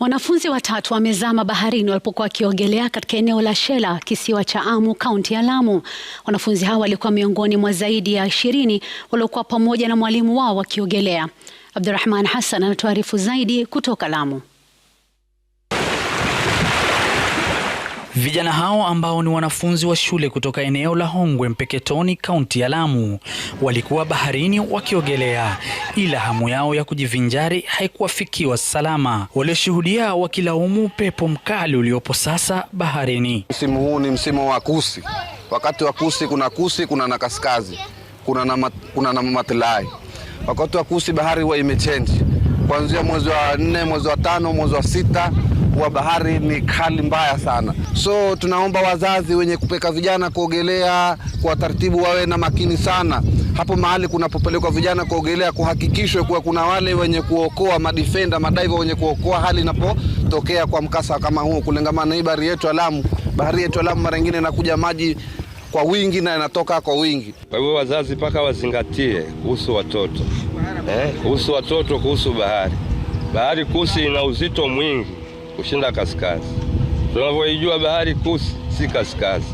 Wanafunzi watatu wamezama baharini walipokuwa wakiogelea katika eneo la Shela, kisiwa cha Amu, kaunti ya Lamu. Wanafunzi hao walikuwa miongoni mwa zaidi ya ishirini waliokuwa pamoja na mwalimu wao wakiogelea. Abdurrahman Hassan anatuarifu zaidi kutoka Lamu. Vijana hao ambao ni wanafunzi wa shule kutoka eneo la Hongwe Mpeketoni, kaunti ya Lamu, walikuwa baharini wakiogelea, ila hamu yao ya kujivinjari haikuwafikiwa salama, walioshuhudia wakilaumu upepo mkali uliopo sasa baharini. Msimu huu ni msimu wa kusi. Wakati wa kusi kuna kusi, kuna na kaskazi, kuna na, mat, kuna na matilai. Wakati wa kusi bahari huwa imechenji kuanzia mwezi wa nne, mwezi wa tano, mwezi wa sita wa bahari ni hali mbaya sana. So tunaomba wazazi wenye kupeka vijana kuogelea kwa taratibu wawe na makini sana hapo mahali kunapopelekwa vijana kuogelea, kuhakikishwe kuwa kuna wale wenye kuokoa, madifenda, madaiva wenye kuokoa hali inapotokea kwa mkasa kama huo, kulingamana na hii bahari yetu Alamu. Bahari yetu Alamu mara nyingine inakuja maji kwa wingi na inatoka kwa wingi. Kwa hivyo wazazi mpaka wazingatie kuhusu watoto eh, kuhusu watoto, kuhusu bahari. Bahari kusi ina uzito mwingi kushinda kaskazi. Tunavyoijua bahari Kusi si kaskazi.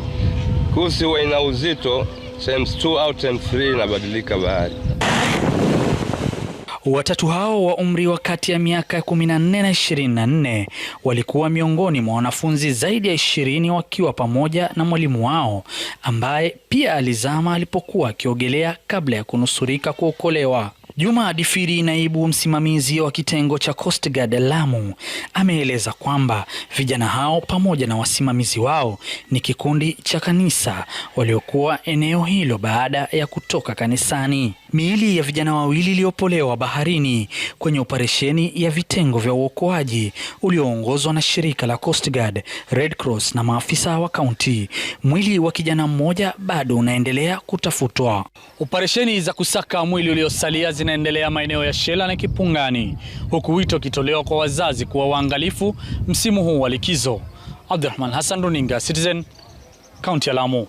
Kusi huwa ina uzito times 2 au times 3 inabadilika bahari. Watatu hao wa umri wa kati ya miaka 14 na 24 walikuwa miongoni mwa wanafunzi zaidi ya ishirini wakiwa pamoja na mwalimu wao ambaye pia alizama alipokuwa akiogelea kabla ya kunusurika kuokolewa. Juma Difiri, naibu msimamizi wa kitengo cha Coast Guard Lamu, ameeleza kwamba vijana hao pamoja na wasimamizi wao ni kikundi cha kanisa waliokuwa eneo hilo baada ya kutoka kanisani. Miili ya vijana wawili iliyopolewa baharini kwenye operesheni ya vitengo vya uokoaji ulioongozwa na shirika la Coast Guard, Red Cross na maafisa wa kaunti. Mwili wa kijana mmoja bado unaendelea kutafutwa. Operesheni za kusaka mwili uliosalia zinaendelea maeneo ya Shela na Kipungani, huku wito ukitolewa kwa wazazi kuwa waangalifu msimu huu wa likizo. Abdurrahman Hassan, runinga Citizen, kaunti ya Lamu.